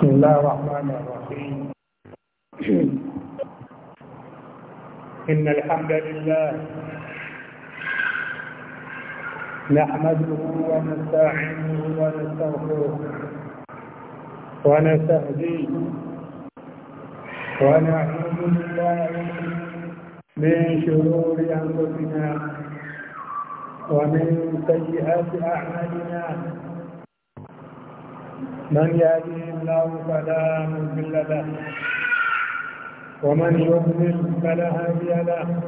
بسم الله الرحمن الرحيم إن الحمد لله نحمده ونستعينه ونستغفره ونستهديه ونعوذ بالله من شرور أنفسنا ومن سيئات أعمالنا من يهديه الله فلا مضل له ومن يضلل فلا هادي له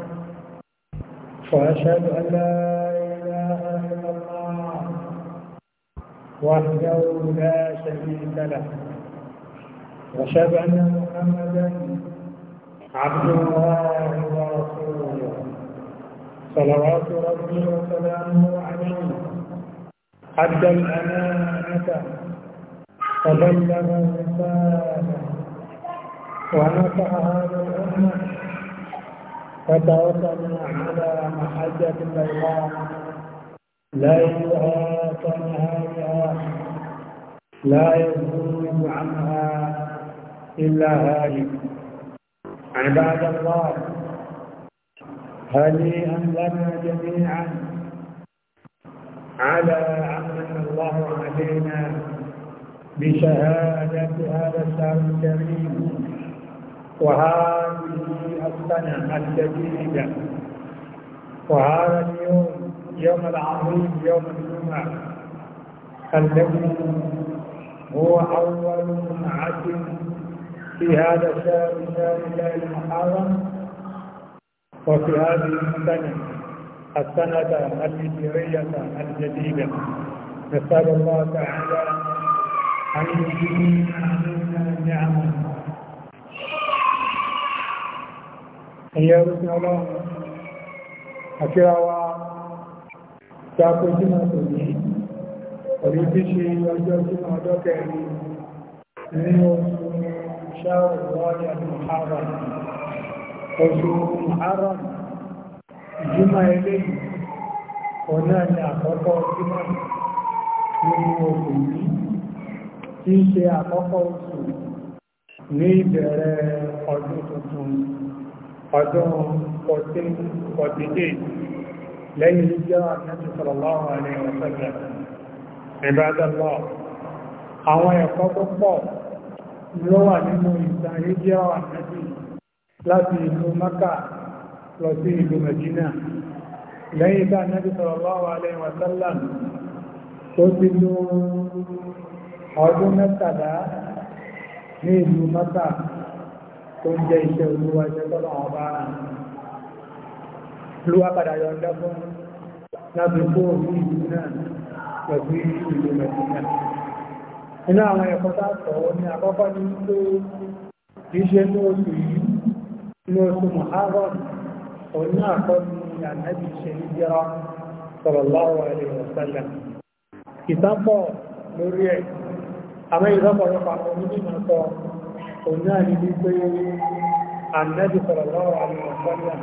واشهد ان لا اله الا الله وحده لا شريك له واشهد ان محمدا عبد الله ورسوله صلوات ربي وسلامه عليه ادى الامانه وبلغ الرسالة ونصح هذا الأمة فتوكلنا على محجة بيضاء يزهى كنهارها لا يزول عنها إلا هالك عباد الله هنيئا لنا جميعا على عمل الله علينا بشهادة هذا الشهر الكريم وهذه السنة الجديدة وهذا اليوم يوم العظيم يوم الجمعة الذي هو أول جمعة في هذا الشهر شهر الله المحرم وفي هذه السنة السنة الهجرية الجديدة نسأل الله تعالى Ẹ̀yẹ orúkún ọlọ́run, àkíra wa tí a kó jímọ̀ tó ní, orí bí ṣe ọjọ́ jímọ̀ ọjọ́ kẹrin nínú oṣù ṣáàrùn lọ́ọ̀dẹ̀ àti Muharram. Oṣù Muharram, jímọ̀ eléyìí, ọ̀nà ni tí í ṣe àkọ́kọ́ oṣù ní ìbẹ̀rẹ̀ ọdún tuntun ọdún 1448 lẹ́yìn ìjọ́ àti sallallahu alaihi wa sallam Ibadallah àwọn ẹ̀kọ́ tó pọ̀ ló wà nínú ìdáyéjẹ́ ànábì láti ìlú Maka lọ sí ìlú Medina lẹ́yìn ìdá ànábì sallallahu alaihi tó ti lóòrùn ọdún mẹ́tàlá ní ìlú mọ́tà tó ń jẹ́ iṣẹ́ olúwa iṣẹ́ tọ́lá àwọn bá rán olúwa padà yọ ọjọ́ fún láti kó òní ìlú náà pẹ̀lú ìlú mẹ́tàlá inú àwọn ẹ̀kọ́ tá sọ ní àkọ́kọ́ ní pé iṣẹ́ ní oṣù yìí ní oṣù Muharram òní àkọ́ni ànábì ṣe ń jẹ́ra sallallahu alaihi wasallam ìtàpọ̀ lórí ẹ̀kọ́ àmọ́ ìrọ́pọ̀lọpọ̀ àwọn onímọ̀ sọ òun náà ní wípé ànábì sallallahu alaihi wasallam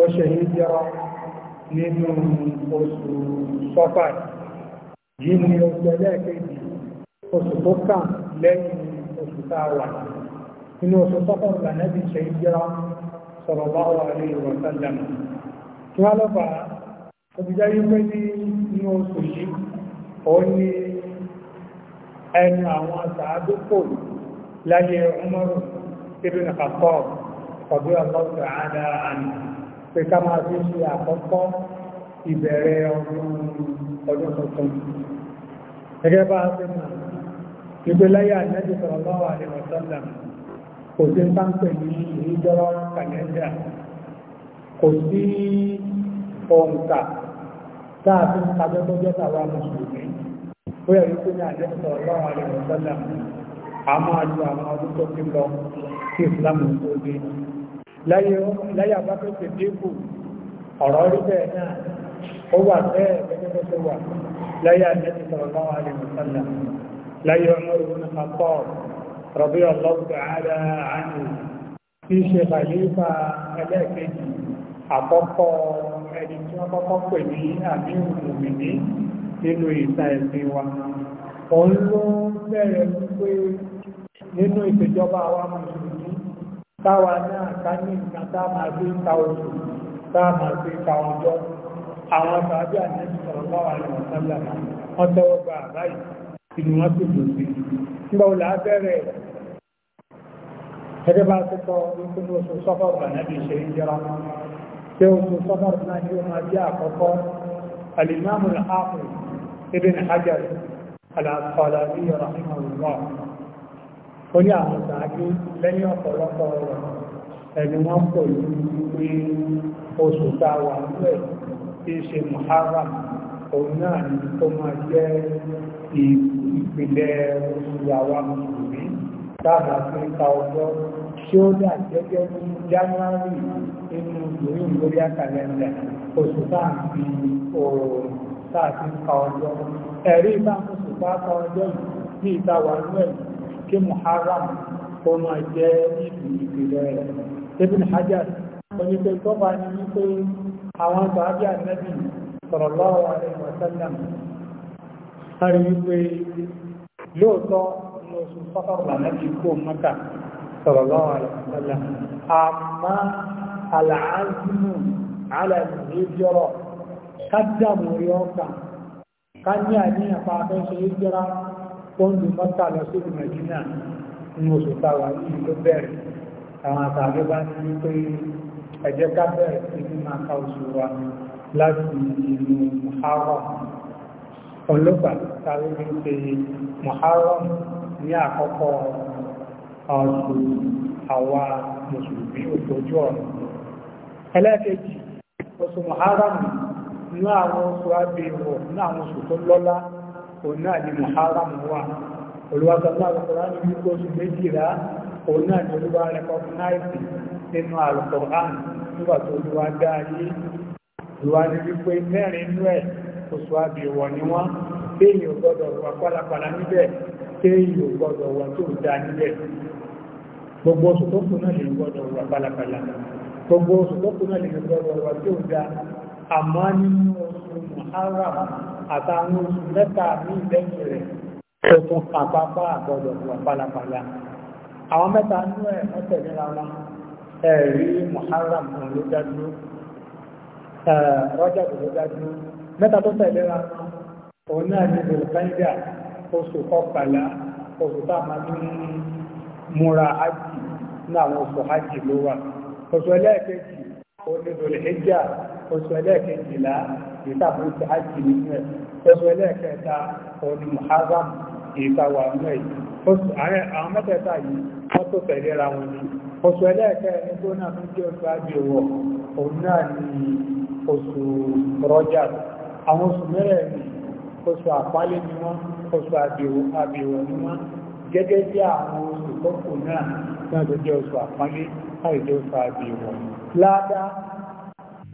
ó ṣe hijira nínú oṣù sọ́fà yìí ni oṣù ẹlẹ́ẹ̀kejì oṣù tó kàn lẹ́yìn oṣù táwà nínú oṣù sọ́fà ìlànàbì ṣe hijira sallallahu alaihi wasallam tí wọ́n lọ́pàá òbíjá yìí pé ní yìí ẹnu àwọn sàádùkò láyé Umaru ibn Khattab ọ̀bí ọlọ́sẹ̀ àádá àmì pé ká máa fi ṣe àkọ́kọ́ ìbẹ̀rẹ̀ ọdún tuntun gẹ́gẹ́ bá ṣe mọ̀ ìgbé láyé ànẹ́jì sallallahu alaihi wasallam kò sí bá ń pè ní ìjọrọ kàlẹ́ndà òǹkà táà fi tó jẹ́ tàwa mùsùlùmí ó yẹ wípé ní àdẹ́sọ̀ ọlọ́run àdẹ́sọ̀lá a máa ju àwọn ọdún tó fi lọ sí ìsìlámù tó dé láyé àbáfẹ́sẹ̀ dínkù ọ̀rọ̀ orí bẹ́ẹ̀ náà ó wà bẹ́ẹ̀ gẹ́gẹ́ tó wà láyé àdẹ́sọ̀ ọlọ́run àdẹ́sọ̀lá láyé ọmọ ìwọ̀n àpọ̀ rọ̀bí nínú ìta ẹ̀sìn wa òun ló ń bẹ̀rẹ̀ wípé nínú ìṣèjọba wa mùsùlùmí táwa náà ká ní nǹkan tá máa fi ń ta oṣù tá máa fi ń ta ọjọ́ àwọn àbábí àti ìṣọ̀rọ̀lọ́wà rẹ̀ ọ̀sánlá wọ́n tẹ́wọ́ gba àbáyì inú wọn sì dùn sí nígbà ibn hajar al-asqalani rahimahullah ó ní àwọn sàájú lẹ́yìn ọ̀pọ̀lọpọ̀ ọ̀rọ̀ ẹni wọ́n kò ní pé oṣù tá a wà nílẹ̀ tí í ṣe muharram òun náà ni tó máa jẹ́ ìpìlẹ̀ oṣù àwa mùsùlùmí dábàá sí ká ọjọ́ tí ó dà gẹ́gẹ́ bí january inú ìlú ìlú lórí àkàlẹ́ńdà oṣù tá à ń fi oòrùn táàkì ń ka ọjọ́ ẹ̀rí bá mú sùpá ka ọjọ́ yìí ní ìtawà inú ẹ̀ kí muharram kó máa jẹ́ ìlú ìpìlẹ̀ rẹ̀ ibn hajar onípe tó bá ní wípé àwọn sàábí ànẹ́bì sallallahu alaihi على sáré wípé lóòótọ́ ká dàmù rí ọkà ká ní àníyàn pa afẹ́ṣe ìjọra pọ́ndù mọ́ta lọ sí Nàìjíríà ní oṣù táwà yìí ló bẹ̀rẹ̀ àwọn àtàgbé bá ní pé ẹ̀jẹ̀ ká bẹ̀rẹ̀ sí ní máa ká oṣù wa láti inú Muharram ọlọ́pàá tàbí ní ṣe Muharram ní àkọ́kọ́ ọ̀sùn àwa mùsùlùmí òtòjú ọ̀rọ̀ ẹlẹ́ẹ̀kejì oṣù Muharram ní àwọn oṣù abẹ́wọ̀ ní àwọn oṣù tó lọ́lá òun náà ni muharram wà olùwàsánà àlùkọ̀rá ní wípé oṣù méjìlá òun náà ni olúwa rẹpọ̀tínáìsì nínú àlùkọ̀rán nígbà tó olúwa dá ayé olúwa ní wípé mẹ́rin inú ẹ̀ oṣù abẹ́wọ̀ ni wọ́n téèyàn ò gbọ́dọ̀ wà àmọ́ nínú oṣù muharram àtàwọn oṣù mẹ́ta ní ìlẹ́yìn rẹ̀ tó tún pàpápá àgbọ̀dọ̀ wà pálapàla àwọn mẹ́ta nú ẹ̀ mọ́tẹ̀ wọn ẹ̀rí muharram kan ló dájú rọ́jà tó ló dájú mẹ́ta tó tẹ̀léra wọn òun náà ní bòlùkánídà oṣù kọkànlá oṣù tá a máa ń múra oṣù ẹlẹ́ẹ̀kejìlá ìtàkùn ti hajj nínú ẹ̀ oṣù ẹlẹ́ẹ̀kẹta ọdún muharram ìtawà nínú ẹ̀ oṣù àwọn mẹ́tẹ̀ẹ̀ta yìí wọ́n tó tẹ̀léra wọn ni oṣù ẹlẹ́ẹ̀kẹrin tó náà tún jẹ́ oṣù àjẹwọ̀ òun náà ni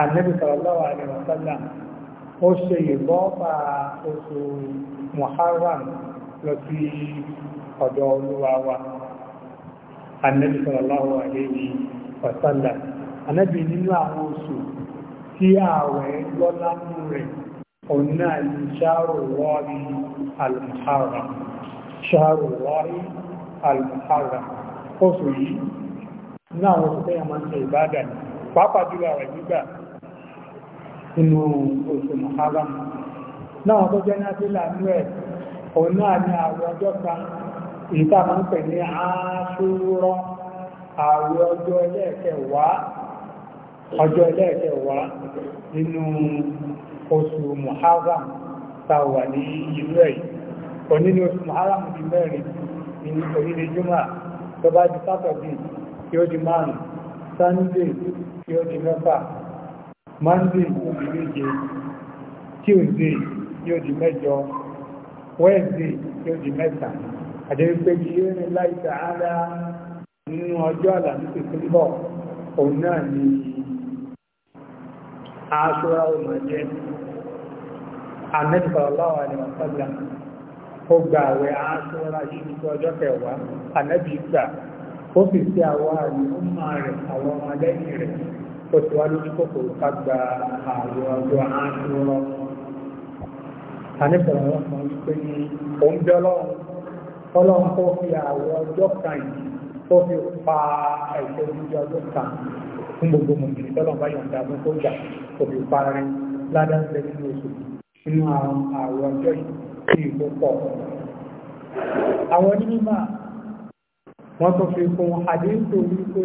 النبي صلى الله عليه وسلم ó ṣe ìbọ́ọ̀bà oṣù Muharram lọ sí ọ̀dọ̀ olúwa wa annabi sallallahu alayhi wa sallam annabi nínú àwọn oṣù tí ààwẹ̀ lọ́lá mú rẹ̀ òun náà ni ṣáàrùwọ́rí al-Muharram ṣáàrùwọ́rí al-Muharram oṣù yìí náà oṣù tẹ́yà nínú oṣù Muharram náà tó jẹ́ náà sílà ní ẹ̀ òun náà ní àwẹ̀ ọjọ́ kan èyí tá máa ń pè ní Àṣúrà àwẹ̀ ọjọ́ ẹlẹ́ẹ̀kẹwàá ọjọ́ ẹlẹ́ẹ̀kẹwàá nínú oṣù Muharram tá wà ní ìlú ẹ̀ òní ní oṣù Muharram di mẹ́rin ní orílẹ̀ jùmọ́ tó bá di sátọ̀dì tí ó di márùn-ún Sunday tí ó di mẹ́fà monday yóò di méje tuesday yóò di mẹ́jọ wednesday yóò di mẹ́ta àdéhùn pé kí ó ní láì sàárà nínú ọjọ́ àlàmísì tó ń bọ̀ òun náà ni aṣọ́ra ò máa ni ọ̀sọ́lá ó gba àwẹ̀ aṣọ́ra yìí ní ọjọ́ kẹwàá anẹ́bí gbà ó sì sí àwọn àrùn ó máa rẹ̀ àwọn ọmọ tọ́tù wá lójú kòkòrò ká gba ààrùn ọjọ́ àánú lọ. Àníbọ̀rọ̀ wọn kan wípé ní òun bẹ́ ọlọ́run ọlọ́run kó fi ààrùn ọjọ́ kan yìí kó fi pa ẹ̀sẹ̀ ojú ọjọ́ kan fún gbogbo mọ̀mí tọ́lọ̀ bá yọ̀ǹda fún tó jà kò fi parí ládàá lẹ nínú oṣù nínú àwọn ààrùn ọjọ́ yìí sí ìlú pọ̀. Àwọn onímọ̀ wọ́n tún fi kún àdéhùn wípé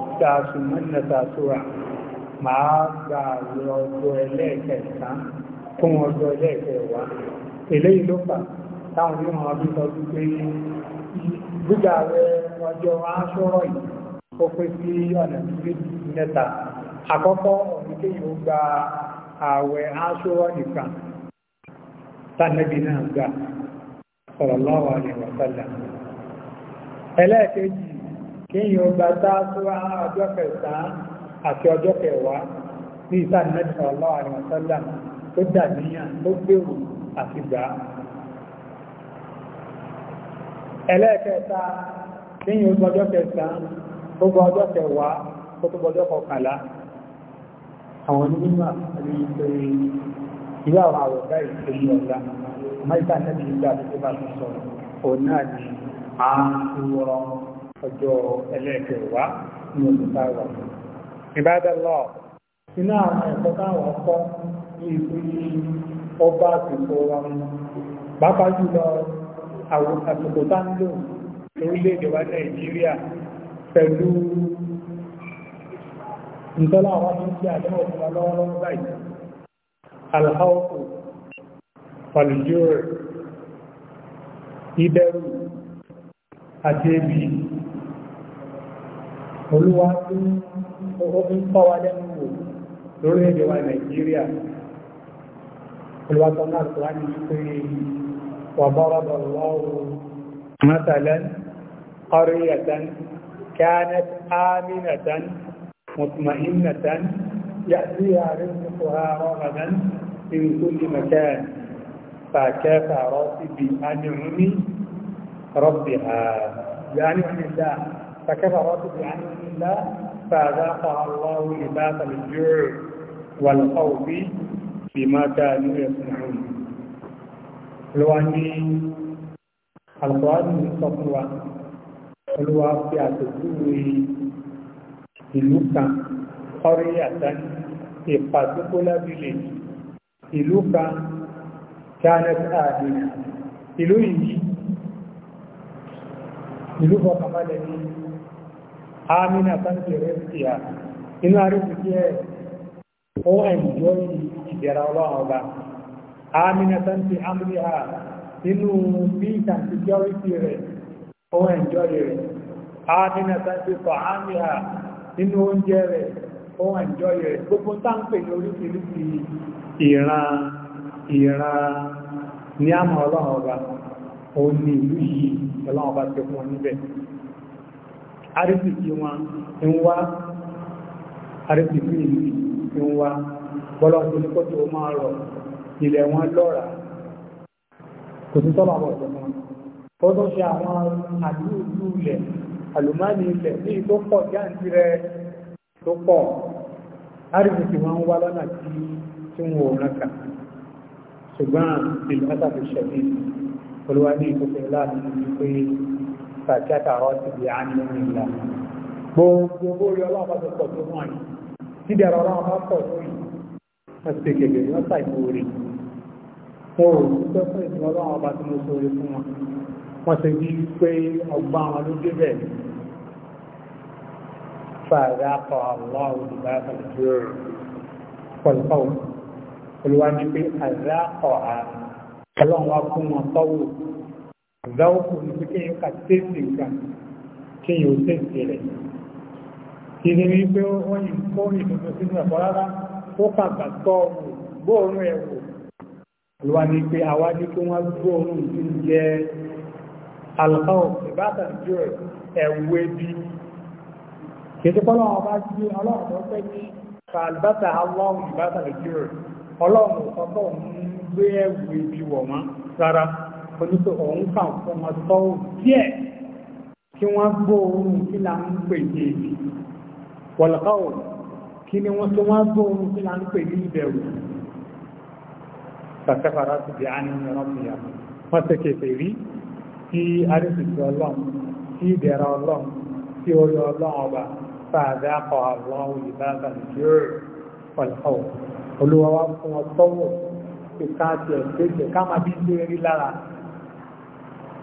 gba àsùnmọ́nìyàtà àtúrà màá gba àwọn ọjọ́ ẹlẹ́ẹ̀kẹsàn kún ọjọ́ ẹlẹ́ẹ̀kẹwàá eléyìí ló fà táwọn onímọ̀ ọdún sọ wípé gbígbà rẹ ọjọ́ aṣọ́rọ̀ yìí ó pé sí ọ̀nà mẹ́ta àkọ́kọ́ ọ̀nìkéyìn ó gba ààwẹ̀ aṣọ́rọ̀ nìkan tánẹ́bì náà gbà sallallahu alaihi ẹlẹ́ẹ̀kejì kéèyàn gba táàtúrà ọjọ́ kẹsàn-án àti ọjọ́ kẹwàá ní ìsáàdínlẹ́dì sallallahu alaihi wasallam tó dàníyàn tó gbèrò àti gbà á ẹlẹ́ẹ̀kẹta kéèyàn gbọjọ́ kẹsàn-án tó gbọ ọjọ́ kẹwàá tó tó gbọjọ́ kọkànlá àwọn onímọ̀ àti ìpè ìwé àwọn àwọ̀dá ìpèlú ọ̀la mẹ́ta nẹ́bí ìgbà tó bá sọ̀rọ̀ òun náà ni ààrùn ọjọ́ ẹlẹ́ẹ̀kẹwàá ní oṣù táwà ìbádẹ́lọ́ iná ẹ̀kọ́ táwọn ọkọ́ ní ìpínlẹ̀ ọba àtìkò wa pàápàá jùlọ àwọn tá ń lò lórílẹ̀-èdè wa nàìjíríà pẹ̀lú ìtọ́lá àwọn ọmọ tí àdéhùn báyìí olúwa ń kọ́ wa lẹ́nu wò lórílẹ̀-èdè wa nàìjíríà olúwa tó náà tó wá ní pé wà bọ́rọ̀bọ̀ lọ́wọ́ مثلا قرية كانت آمنة مطمئنة يأتيها رزقها رغدا من كل مكان فكفرت بأنعم ربها بأنعم الله فكفرت بأنعم الله فأذاقها الله لباس الجوع والخوف بما كانوا يصنعون لواني القرآن من صفوة olúwa fi àtẹ̀júwe ìlú kan ọrí àtàní ìpàtókólá village ìlú kan janet àdìyàn ìlú yìí ìlú fọkànbalẹ̀ ní amina sáńtì rẹ̀ sí à inú àríkìkí ẹ̀ ó ẹ̀njọ́ ìdẹ̀ra ọlọ́run ọba amina sáńtì amúlíhà inú bí sáńtì jọ́rìsì rẹ̀ ó ẹ̀njọ́ rẹ̀ amina sáńtì sọ amíhà inú oúnjẹ rẹ̀ ó ẹ̀njọ́ rẹ̀ gbogbo sáńpè ní oríṣiríṣi ìran ìran ní ọba ó ní ìlú yìí ọlọ́run ọba ti fún ọ níbẹ̀ àríkìtì wọn ń wá àríkìtì ìlú ń wá bọ́lọ̀ tó ní kó tó máa rọ̀ ilẹ̀ wọn lọ́ra kò sí tọ́lá bọ̀ tó wọn ó tó ṣe àwọn àdúgbò ilẹ̀ àlùmáàní ilẹ̀ ní tó pọ̀ jáǹtì rẹ tó pọ̀ àríkìtì wọn ń wá lọ́nà tí tí wọn ò rán kà ṣùgbọ́n ìlú mẹ́ta fi ṣẹ̀dí olúwa fàkẹ́tà rọ́ọ̀tì bí a ní ìlà gbogbo orí ọlọ́run bá ti pọ̀ tó náà yìí dídẹ̀ ọlọ́run bá pọ̀ tó yìí wọ́n ti kékeré wọ́n sà ìmú orí wọn ò fún ìsìn ọlọ́run bá ti mú sórí fún wọn wọ́n ti rí pé ọgbà wọn ló dé bẹ́ẹ̀ fàdà kọ àwọn olùbá àtàlùjọ pọ̀lùpọ̀lù olùwà ní pé àdá kọ̀ ọlọ́run wá fún wọn tọ́wọ́ Àgbáwókù ní pé kéèyàn kà tẹ́sì nǹkan kéèyàn ó tẹ́sì rẹ̀. Kì í ní pé wọ́n yìí kó ìdúró sínú ẹ̀kọ́ rárá, ó kàgbà tọ́ ọ̀rùn gbóòórùn ẹ̀ wò. Àlùwà ni pé àwa ní kí wọ́n gbóòórùn tí ń jẹ́ alùpàwọ̀ ìbátan jù ẹ̀wù ebi. Kì í ti pọ́ lọ́wọ́ bá jí ọlọ́run tó fẹ́ ní kàlùbátà aláwọ̀ onípe òun kà fún ọmọ tó díẹ̀ kí wọ́n gbọ́ ohun tí là ń pè ní èdè wọ̀lọ́kọ́ kí ni wọ́n tó wọ́n gbọ́ ohun tí là ń pè ní ìbẹ̀rù kàkẹ́fàrà ti di àní ìrọ́pìyà wọ́n ti kèfè rí tí arísìtì ọlọ́run tí ìbẹ̀rẹ̀ ọlọ́run tí orí ọlọ́run ọba fàdé akọ àlọ́run ìbáàbà nìjọ́rì wọ̀lọ́kọ́ olúwa fún ọ tọ́wọ́ ìka àti ẹ̀sẹ̀ ká bí ń lé rí lára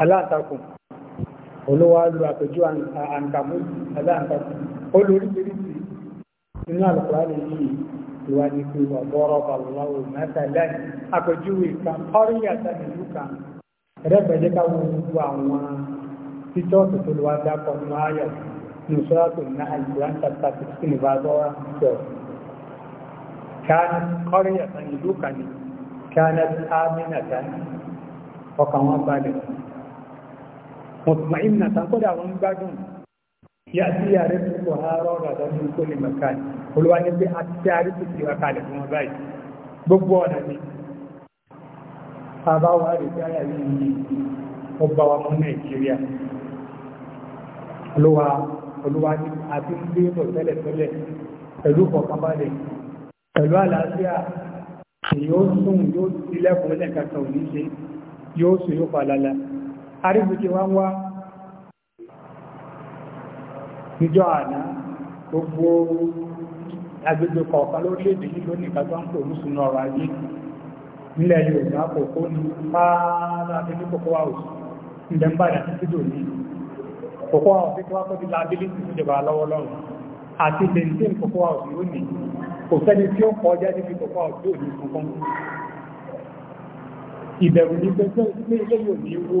aláǹtakùn olówó alu àpèjú àǹkàmú aláǹtakùn olóríṣiríṣi inú àlùkùránì yìí ìwà ní pé wà bọ́rọ̀ bàlọ́wọ́ mẹ́tàlẹ́ àpèjúwe kan ọrí àtàlẹ́ ìlú kan ẹ̀rẹ́gbẹ̀jẹ́ káwọn gbogbo àwọn títọ́ọ̀tù tó lọ́wọ́ dákọ̀ nínú ayọ̀ ní sọ́ọ́tù ní àlùkùránì chapter sixteen verse one twelve كانت قرية يدوكني كانت آمنة وكما بالغ mutmainna tan kódà wọn ń gbádùn yá sí yàrá tó kọ àárọ̀ rárá ní kó lè mọ̀kàn olúwa ní pé àti tí a rí tó ti wà kalẹ̀ fún wọn báyìí gbogbo ọ̀nà ni bàbá wa rè káyà yìí ọba wa mọ nàìjíríà olúwa olúwa ní àti ń gbé bọ̀ tẹ́lẹ̀tẹ́lẹ̀ pẹ̀lú kọ̀ọ̀kanbalẹ̀ pẹ̀lú àlàáfíà èyí sùn yóò tilẹ̀kùn lẹ́ẹ̀kan kan ò ní ṣe yóò sùn yóò falala àríbùkì wá ń wá níjọ́ àná gbogbo agbègbè kọ̀ọ̀kan lórílẹ̀-èdè yìí lónìí ìgbàgbọ́ ń pè ní sùn ọ̀rọ̀ ayé nílẹ̀ Yorùbá kòkó ní pààlà abẹ́lé kòkó àwòsù ìdẹ̀ ń bàdà títí dò ní kòkó àwòsù tó wá kó ti lábílì sí ìjọba lọ́wọ́lọ́wọ́ àti lẹ́ntìn kòkó àwòsù yóò ní kò sẹ́ni tí ó kọjá níbi kòkó àwòsù yóò ní kankan ìbẹ̀rù ní pé ilé yóò ní wó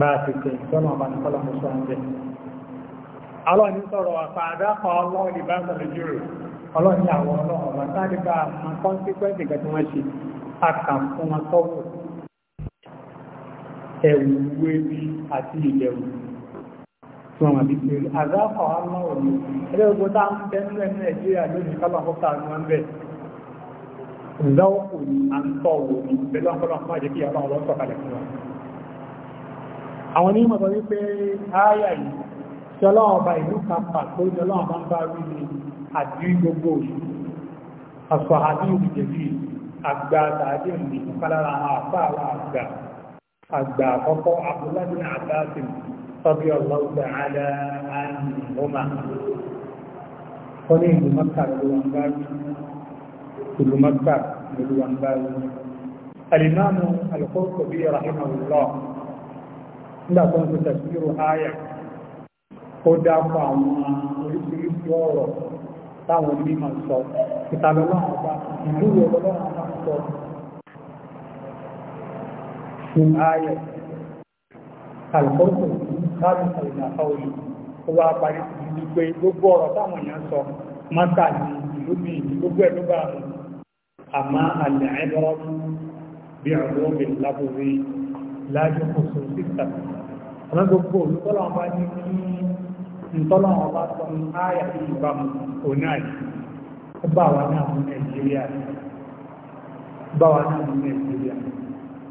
bá ti pè tọ́nà ọba ní kọ́lọ̀ mọ́sọ́ ọ̀jẹ́ alọ́ni sọ̀rọ̀ àpàdá kan ọlọ́run ní bá sọ̀rọ̀ jùrù ọlọ́ni àwọn ọlọ́run ọba sáré bá àwọn kọ́ńtíkwẹ́ǹtì kan tí wọ́n ṣe àkàǹfún wọn sọ́wọ́ ẹ̀wù wébi àti ìdẹ̀wù tí wọ́n máa bí pé àzáfọ̀ ọlọ́run ní ẹgbẹ́ ogun tá ń bẹ́ nílẹ̀ nàìjíríà lónìí kọ́lọ̀ kọ́kà ní wọ́n àwọn ní mọ̀ wípé ayà yìí tí ọlọ́wọ́ bá ìlú kan pàtó ní ọlọ́wọ́ bá ń bá rí ní àdírí gbogbo òṣù àṣọ̀hàdí ìrìnjẹ̀bí àgbà tàbí ìrìn ìkálára àpá àwọn àgbà àgbà àkọ́kọ́ àbúlábí àbáàtì tọ́bí ọlọ́gbà alẹ́ àmì ọmọ kọ́lé ìlú mọ́kà nígbà tó ń fi tẹ̀síro àyà ó dápọ̀ àwọn oríṣiríṣi ọ̀rọ̀ táwọn onímọ̀ sọ ìtàlọ́lọ́wọ́ bá ìlú ọlọ́wọ́ bá sọ fún àyà àlùkọ́sọ̀ láti sọ ìdàkọ́ òyìn ó wá parí sí pé gbogbo ọ̀rọ̀ táwọn èèyàn sọ mọ́tà ní ìlú bí gbogbo ẹ̀ ló bá mú àmá àlẹ́ ẹ̀dọ́rọ́ bí ọ̀rọ̀ mi lábúrí lájú kò sọ ọ̀nà gbogbo olùkọ́lọ̀ ọba ní kí ntọ́lọ̀ ọba sọ ní ààyà sí ìbámu onáàdì ó bá wa náà mú nàìjíríà bá wa náà mú nàìjíríà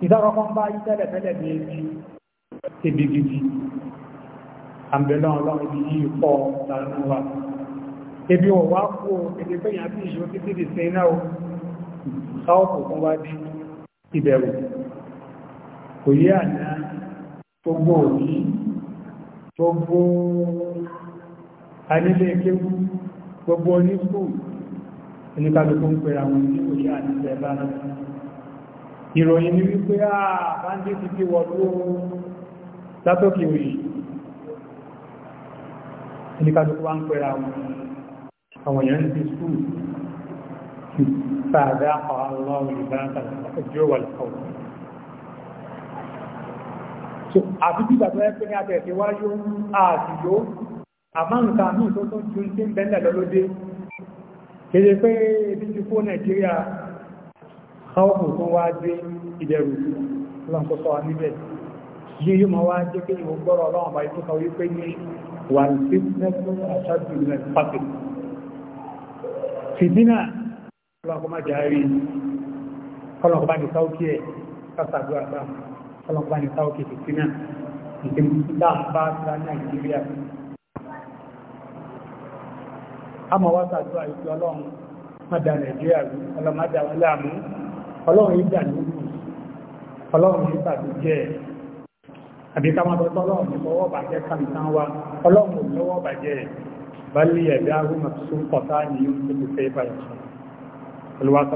ìdákọ́kọ́ ń bá yí tẹ́lẹ̀ bí ebi ebi gidi àbẹ̀lọ́ ọlọ́run yí pọ̀ tó gbọ́ òní tó gbọ́ anílé kéwú gbogbo ní skúl oníkàlùkù ń pèrè àwọn ìlú òṣè àti ìjẹba ìròyìn ni wípé àà bá ń dé ti fi wọ̀lú látọ́kì òyì oníkàlùkù wá ń pèrè àwọn àwọn èèyàn ti skúl fàdá àwọn ìbára tàbí ọjọ́ wà lọ́wọ́ àbí bí ìgbà tó yẹ pé ní abẹ́ ẹ̀sẹ̀ wáyó ààtìyó àmá nǹkan míì tó tó ju sí bẹ́lẹ̀ lọ́lódé kéde pé ibi ti kó nàìjíríà káwọ́pù tó wá dé ìdẹ̀rù lọ́nkọ́sọ́ wa níbẹ̀ yìí yóò máa wá jẹ́ pé ìwò gbọ́rọ̀ ọlọ́run bá ikú kan wípé ní wà ní fífẹ́sọ́ ọlọ́pàá ní sáwọ́ kìtì sí náà ìdíkúta bá sá nàìjíríà a mọ̀ wá sàdúrà ìpé ọlọ́run mọ́dá nàìjíríà rú ọlọ́mọdá wọn láàmú ọlọ́run yìí dà lóòrùn ọlọ́run yìí sàdú jẹ́ àbí ká máa tọ́tọ́ ọlọ́run ní fọwọ́ bàjẹ́ kàmìtán wa ọlọ́run ò lọ́wọ́ bàjẹ́ bálé ẹ̀dá arúmọ̀ tó pọ̀tá ní yóò tó kò fẹ́ bàjẹ́ olùwàsọ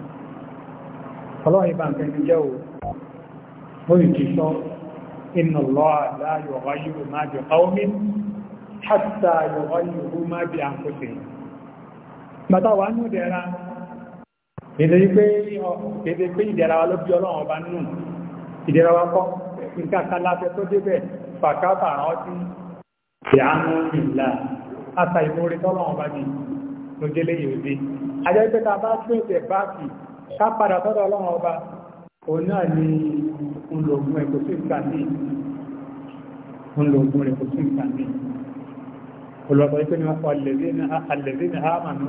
ọlọ́rin bá ń tẹ́lẹ̀ jẹ́ o ó yìí ti sọ inna Allaha la yughayyiru ma bi qawmin hatta yughayyiru ma bi anfusihim bàtà wà ní ìdẹ̀ra ìdẹ̀rí pé ìdẹ̀rí pé ìdẹ̀ra wa ló bí ọlọ́run ọba nù ìdẹ̀ra wa kọ́ nǹkan kan láti tó débẹ̀ fàkàtà àwọn tí ìyàánú ìlà àtà ìmúrí tọ́lọ́run ọba ní lójẹ́lẹ́yìn òde ajẹ́ pé ta bá tún ìtẹ̀ báàkì ká padà tọ́dọ̀ ọlọ́run ọba òun náà ni ńlògùn ẹ̀kọ́ sí ìkànnì ńlògùn ẹ̀kọ́ sí ìkànnì olùwàtọ̀ yìí pé ní àlẹ́bí ní àmànú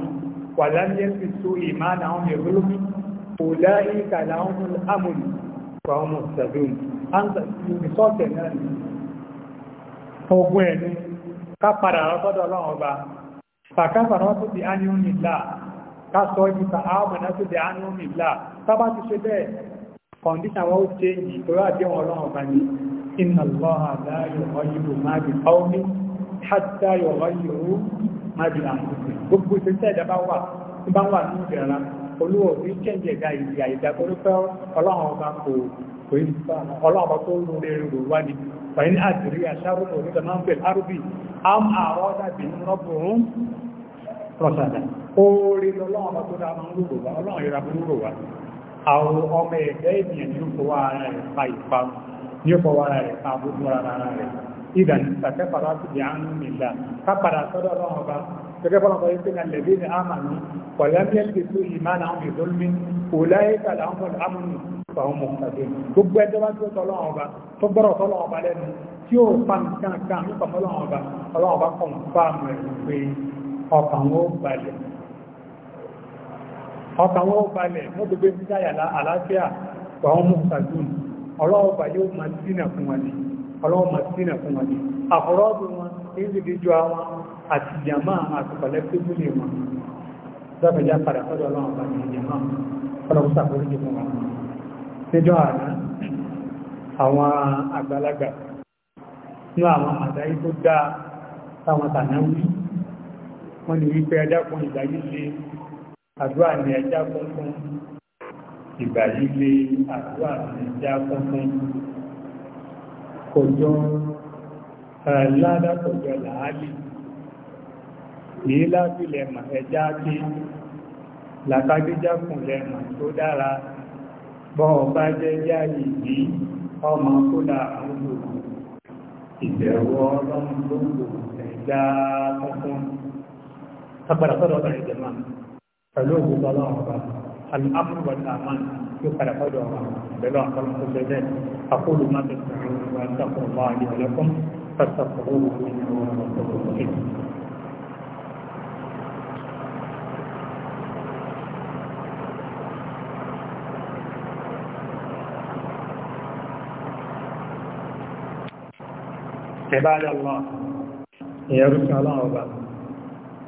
wà láyé ti tú ìmá náà ní olómi kò láyé ìkà náà ń amòlù wà ọmọ ìsàdùn áńtà ìsọ́tẹ̀ náà ni ogun ẹ̀ ní ká padà tọ́dọ̀ ọlọ́run ọba fàkàfà kásọ̀ ibi sàáàmù náà bẹ̀ ánú mi là tábà ti ṣe bẹ́ẹ̀ kọ̀ǹdíṣàn wọ́n ṣe yìí tó rà jẹ́ wọn lọ́wọ́ bá ní iná lọ́wọ́ àdáyọ̀ ọyọ́ máa bí ọmí hátayọ̀ ọyọ́ máa bí àǹtùkù gbogbo ìṣẹ́ṣẹ́ ẹ̀dá bá wà tó bá wà ní ìrẹ̀ra olúwo ní kẹ́ǹjẹ̀ ẹ̀dá ìdí àìdá olúfẹ́ ọlọ́run ọba kò ọlọ́run ọba tó rú rere rò ní fàyín rọ̀sàdà oore lọ́lọ́run ọba tó dáa máa ń rúrò wá ọlọ́run ìra fún rúrò wá àwọn ọmọ ẹ̀dẹ́ ènìyàn ní ó fọwọ́ ara rẹ̀ pa ìpa ní ó fọwọ́ ara rẹ̀ pa gbogbo ara rẹ̀ ìdàní sàkẹ́fàrà ti di àánú nìlá kápàdà sọ́dọ̀ ọlọ́run ọba gẹ́gẹ́ bọ́lá ọba yìí na lẹ́bí ní àmàlú ọ̀lẹ́mìẹ́ ti tó ìmánà àwọn ìdólmí òláyé kàlà ń bọ̀lá àmúnú gbọ́rọ̀ tọ́lọ́run ọba lẹ́nu tí ó fa nǹkan kan nípa ọba ọlọ́run ọba kọ̀ ń fa àmọ̀ pé ọkàn wọn ó balẹ̀ ọkàn wọn ó balẹ̀ wọ́n gbogbo ń dáyà àlàáfíà wọ́n mú sàdún ọlọ́wọ́ bá yóò máa sínà fún wọn ni ọlọ́wọ́ sínà fún wọn ni àfọ́rọ́bù wọn individual wọn àti jama àti collectively wọn lọ́pẹ̀já padà sọ́dọ̀ ọlọ́wọ́ bá ní jama ọlọ́wọ́ sàkóríjì fún wọn níjọ́ àná àwọn àgbàlagbà ní àwọn àdáyé tó dáa táwọn wọ́n lè wípé adákun ìgbà yìí lè àdúrà ní ẹja kúnkún ìgbà yìí lè àdúrà ní ẹja kúnkún kọjọ́ ládàkọjọ́ làálì ní lábílẹ̀ mà ẹja kí làkágbéjákùn lẹ́mà tó dára bọ́ọ̀ bá jẹ́ yáyì ní ọmọ kódà àwọn olùkọ́ ìbẹ̀wọ̀ ọlọ́run ló ń lò ẹja kúnkún kagbara sọ́dọ̀ ọ̀dọ̀ ìjẹ̀mà pẹ̀lú ògùn الأمر والأمان يقال فجوة بلا أقل مخزدين أقول ما تسمعون وأستغفر الله لي ولكم فاستغفروه إنه هو الغفور الرحيم عباد الله يا رسول الله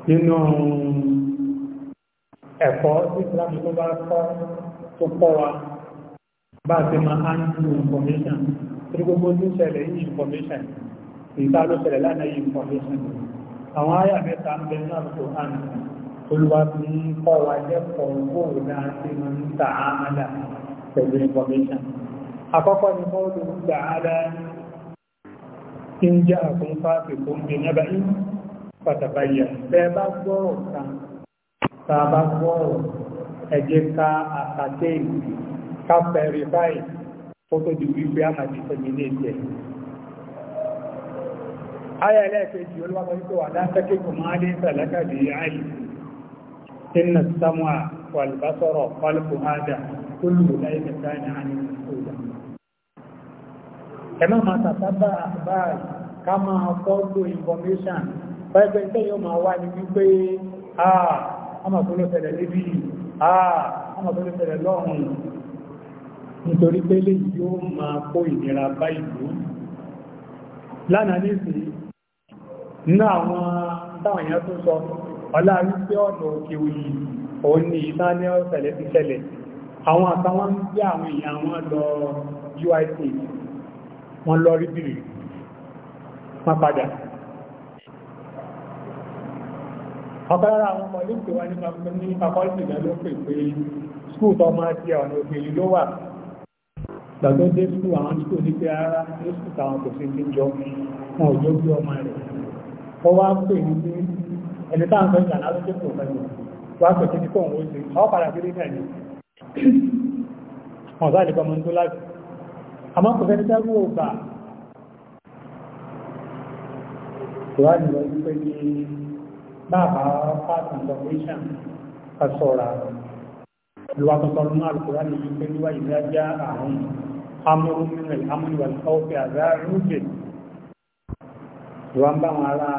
nínú ẹ̀kọ́ ìsìlámi tó bá kọ́ tó kọ́ wa bá ti ma handle information tí gbogbo ní ṣẹlẹ̀ yìí information ìta ló ṣẹlẹ̀ lánàá yìí information àwọn àyà mẹ́ta ń bẹ náà tó hàn olúwa fi ń kọ́ wa jẹ́kọ̀ọ́ bóòlù náà ti ma àmàlà pẹ̀lú information àkọ́kọ́ ni bóòlù ń ta àmàlà ń jẹ́ àkúnfà fìkún bí nábàá pàtàkàyà tẹ́ bá gbọ́rọ̀ kan tá a bá gbọ́rọ̀ ẹ̀jẹ̀ ká àtàtẹ́ ká fẹ́rifáì kó tó di wípé a máa dìtẹ̀mí ní ìtẹ̀. Ayà ẹlẹ́ẹ̀kejì olúwàbọ̀ wípé wà látẹ́kẹ́ kò máa dé sàlákàdì àìlì. Inna sam'a wal basara wal fu'ada kullu ulaika kana anhu mas'ula. Ẹ má máa tàtàbà àbáà ká máa fọ́gbò information pẹ́gbẹ́ tẹ́yọ máa wá ní wípé àà ọmọ tó ló fẹ̀rẹ̀ níbi àà ọmọ tó ló fẹ̀rẹ̀ lọ́rùn nítorí pé lè yóò máa kó ìnira bá ìlú lánàá nísì nínú àwọn táwọn èèyàn tó sọ ọlá wípé ọ̀nà òkè òun ni ìtàn ní ọ̀sẹ̀lẹ̀ ti ṣẹlẹ̀ àwọn àtàwọn ń gbé àwọn èèyàn wọn lọ UIC wọn lọ rí bìrì wọn padà ọ̀pẹ́lára àwọn ọmọ ilé ìpèwà ní fakọ́lìtì náà ló pè pé skúù tó máa di ọ̀nà òkèlú ló wà gbàgbọ́ dé skúù àwọn skúù ní pé ara ní skúù táwọn kò sí jíjọ wọn ò yóò bí ọmọ rẹ̀ ó wá pè ní pé ẹni táwọn fẹ́ gbà láti dépò pẹ̀lú wá pè kí ní kó òun ó ṣe ọ padà sí nígbà yìí wọn sáà lè ọmọ tó láti àmọ́ kò fẹ́ ní sẹ́wọ́ ògbà ìwádìí lọ sí pé ní bàbá pàtàkì ìjọmọ́ṣàn kàṣọ́ra olùwàtọ̀tọ̀rún alùkùrá ní wípé níwá ìdájá àrùn amúrú mímẹ̀ amúnìwàlùkọ́fẹ́ àdá rúgbẹ̀ ìwà ń bá wọn ará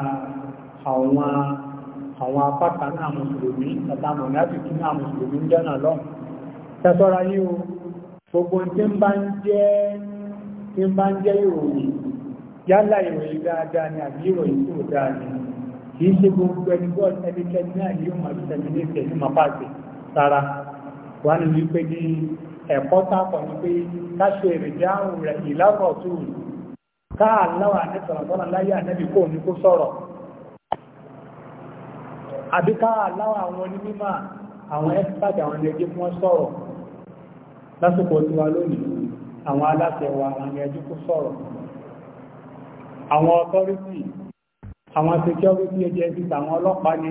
àwọn apáta náà mùsùlùmí àtàmọ̀ láti kí náà mùsùlùmí ń jẹ́nà lọ kẹsọ́ra yí o gbogbo tí ń bá ni àbí ìròyìn tó ni kìí ṣe gbogbo ẹni bọ́ ẹnikẹ́ni náà yóò máa fi tẹ̀lé ní ìfẹ́ ní mapáàtì sára wà ní wípé ní ẹ̀kọ́ sáàpọ̀ ní pé káṣe àrùn rẹ̀ ìlàkọ̀ tó káà láwà láyé kò ní kó sọ̀rọ̀ àbí káà láwà àwọn onímọ̀ àwọn àwọn sọ̀rọ̀ lásìkò lónìí àwọn aláṣẹ wa àwọn kó sọ̀rọ̀ àwọn security agencies àwọn ọlọ́pàá ni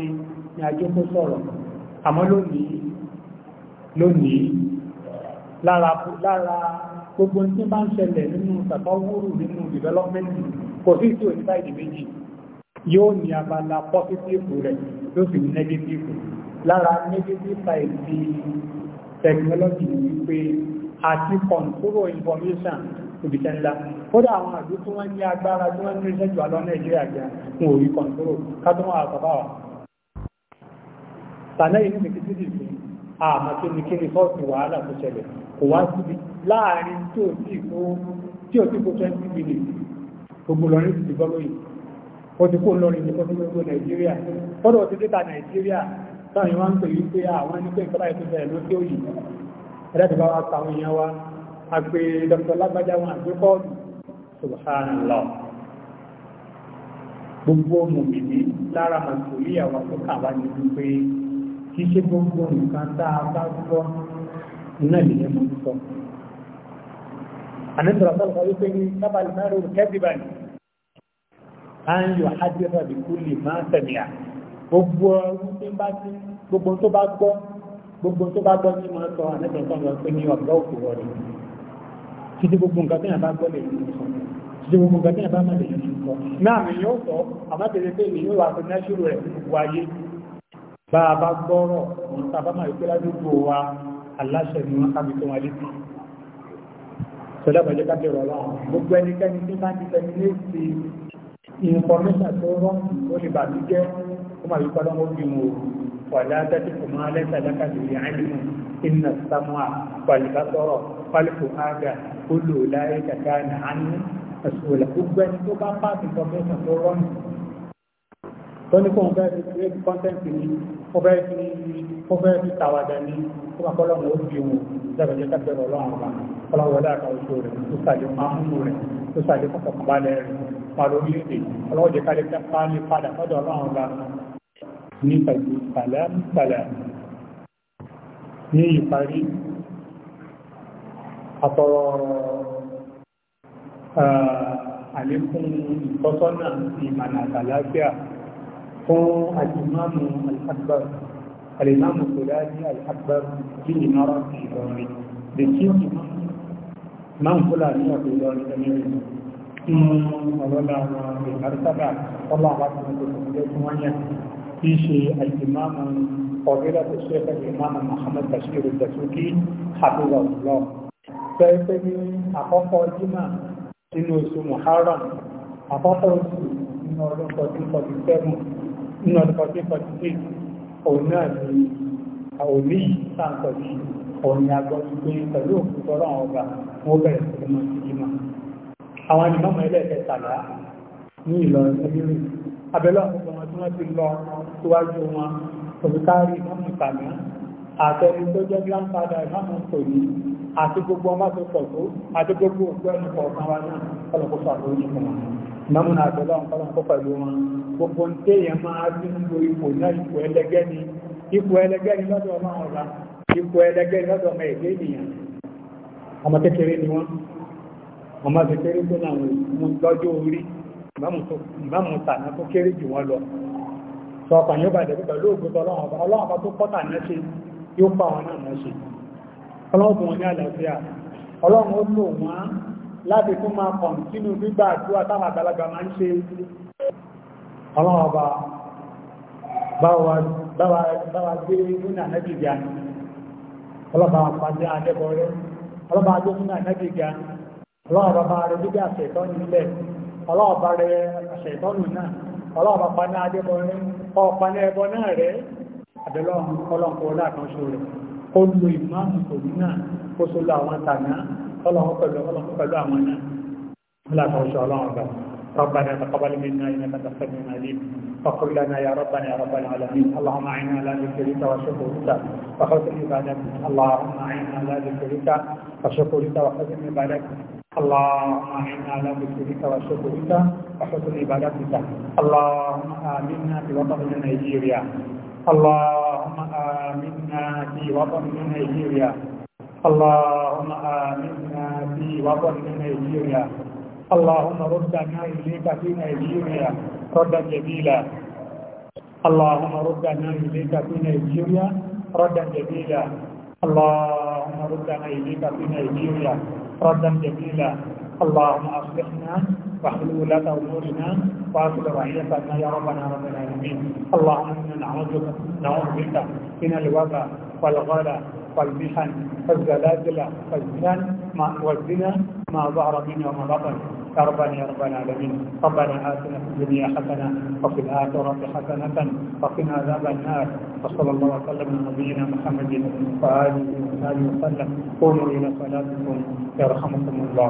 ní àjókó sọ̀rọ̀ àmọ́ lónìí lónìí lára lára gbogbo tí bá ń ṣẹlẹ̀ nínú tàbáwúrù nínú development kò sí tí ò ní báyìí méjì yóò ní abala positive rẹ̀ yóò sì ní negative lára negative side ti technology wípé àti control information òbítẹ́ ńlá kódà àwọn àdó tí wọ́n ní agbára tí wọ́n ní iṣẹ́ jù alọ́ nàìjíríà jẹ́ fún orí kọ̀ǹtóró kátọ́mọ́ àbàbà wa sàlẹ́yìn ní mẹ́kí títì sí àmà tó ní kí ní fọ́ọ̀sì wàhálà tó ṣẹlẹ̀ kò wá síbi láàrin tí ò tí kó 20 minutes gbogbo lọrin ti gbọ́ lóyìn ó ti kó lọrin ní kọ́sí gbogbo nàìjíríà fọ́dọ̀ àpè dr lágbájá wọn àgbékọ́ọ̀dù subhanallah gbogbo mùmìnì lára màtòlí àwọn tó kà wá ní wípé kí ṣe gbogbo nǹkan tá a bá gbọ́ náà lè yẹ mọ́ sọ. àníbi rọ̀sọ́lù kan wípé ní sábàlì mẹ́rin kẹ́bíbà ni à ń yọ hádìrà bí kúlì máa tẹ̀míà gbogbo tó bá gbọ́ gbogbo tó bá gbọ́ ní máa sọ àníbi rọ̀sọ́lù pé ní ọ̀gá òkú wọlé títí gbogbo nǹkan tí yàrá gbọ́ lè ní sọ títí gbogbo nǹkan tí yàrá má lè ní sọ náà mi yóò sọ àbátẹ̀lẹ̀ pé mi yóò wá fún nẹ́ṣúrù rẹ̀ wáyé bá a bá gbọ́rọ̀ òun tàbá máa wípé ládùúgbò wa aláṣẹ ni wọ́n kábi tó wọn létí sọdá bàjẹ́ ká wàlá tẹ́tí kò máa lẹ́sà lákàtúwì àìlùmù ìnà sàmúà pàlìbátọ́rọ̀ pálífò ága olú láyé kàkà nà á ní àṣùwọ̀lẹ̀ gbogbo ẹni tó bá pàṣẹ kọfẹ́sàn tó rọ́ọ̀nù tó ní kóun fẹ́ẹ́ fi create content ni ó fẹ́ẹ́ fi ó fẹ́ẹ́ fi tàwàdà ni ó máa kọ́lọ́ mọ́ òbí wọn dábàjẹ́ kápẹ́rọ ọlọ́run ọba kọ́lọ́ wọlé àkàwùjọ rẹ̀ tó sàlẹ̀ máàmù rẹ̀ tó sàlẹ̀ kọ́kànbalẹ̀ rẹ̀ pàrọ̀ orílẹ̀-èdè ọlọ́wọ́ jẹ́ kálẹ̀ kápálẹ̀ padà sọ́dọ̀ ọlọ́run ọba ní pàlẹ́ pàlẹ́ ní ìparí àtọ̀rọ̀ àlékún ìtọ́sọ́nà ìmànà àtàláfíà fún alìmáàmù al'akbar alìmáàmù kòdájí al'akbar kí ìmọ̀ràn sí ìlọrin da kí máa ń kúlà ní ọ̀pọ̀ ìlọrin ẹ̀mẹ́rin ọlọ́lá àwọn ìmọ̀ràn ọlọ́wà tí wọ́n tó kọ̀ jẹ́ fún wáyé kí ṣe alìmáàmù ọ̀rẹ́lá tó ṣẹ́fẹ́ ìmáàmù Muhammad Bashir al-Dasuki pẹ́ẹ́pẹ́ ní àkọ́kọ́ jímà nínú oṣù muharram àkọ́kọ́ oṣù nínú ọdún 1447 nínú ọdún 1446 òun náà ni òní sáǹkọ̀ yìí òun ni agbọ́ gbé pẹ̀lú òkú tọ́rọ àwọn ọba wọ́n bẹ̀rẹ̀ sí mọ́ sí jímà àwọn ìmọ̀mọ̀ ẹlẹ́ẹ̀kẹtàlá ní ìlọrin ẹgbẹ̀rún abẹ́lẹ́ ọ̀pọ̀ wọn tí wọ́n ti lọ síwájú wọn òbíkárí ìmọ̀mù ìpàmì àtẹni tó jẹ́ grandfather ìmọ̀mù tòní àti gbogbo ọmọ tó pọ̀ àti gbogbo òkú ẹnu kọ̀ọ̀kan wa náà kọlọ̀kọ́ sọ fún wọn mọ́múnà àtọ́lọ́ ọ̀pọ̀lọpọ̀ pẹ̀lú gbogbo ń máa ti ń lo ipò náà ipò ni ipò ẹlẹgẹ́ ni lọ́dọ̀ ọmọ ọ̀la ipò ẹlẹgẹ́ ni lọ́dọ̀ ọmọ ènìyàn ọmọ kékeré ni wọ́n ọmọ kékeré tó náà lọ́jọ́ orí tàná sọ ọba tó pọ́tà náà ṣe yóò ọlọ́run wọn ní àlàáfíà ọlọ́run ó lò wọ́n láti tún máa kàn sínú gbígbà tí wà táwọn àgbàlagbà máa ń ṣe ọlọ́run ọba báwa gbé nínú ànábìgà ọlọ́ba àpàdé adébọrẹ́ ọlọ́ba adé nínú ànábìgà ọlọ́ọ̀bá bá rẹ̀ dídá àṣẹ̀tọ́nù ilẹ̀ ọlọ́ọ̀bá rẹ̀ àṣẹ̀tọ́nù náà ọlọ́ọ̀bá paná adébọrẹ́ ọ̀paná ẹbọ ó lo ìmáàmù tòbí náà kó tó lọ àwọn tàná ọlọ́run pẹ̀lú ọlọ́run pẹ̀lú àwọn náà láti ọ̀ṣọ́ ọlọ́run ọ̀gá ربنا تقبل منا انك انت السميع العليم فقل لنا يا ربنا يا رب العالمين اللهم اعنا على ذكرك وشكرك وحسن عبادتك اللهم اعنا على ذكرك وشكرك وحسن عبادتك اللهم اعنا على ذكرك وشكرك وحسن عبادتك اللهم امنا في وطن نيجيريا الله اللهم آمنا في وطن نيجيريا اللهم آمنا في وطن نيجيريا اللهم ردنا إليك في نيجيريا ردا جميلا اللهم ردنا إليك في نيجيريا ردا جميلا اللهم ردنا إليك في نيجيريا ردا جميلا اللهم أصلحنا واحلل لا أمورنا واصل رعيتنا يا ربنا رب العالمين اللهم إنا نعوذ نعوذ بك من الوباء والغلا والمحن والزلازل والزنا والزنا ما ظهر منا وما بطن يا ربنا يا رب العالمين ربنا آتنا في الدنيا حسنة وفي الآخرة حسنة وقنا عذاب النار وصلى الله وسلم على نبينا محمد وآله وصحبه وسلم قوموا إلى صلاتكم يرحمكم الله